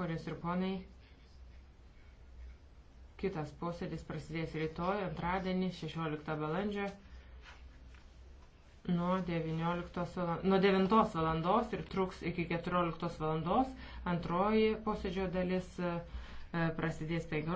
Ponios ir ponai, kitas posėdis prasidės rytoj, antradienį, 16 balandžio, nuo, 19, nuo 9 valandos ir truks iki 14 valandos. Antroji posėdžio dalis e, prasidės 15.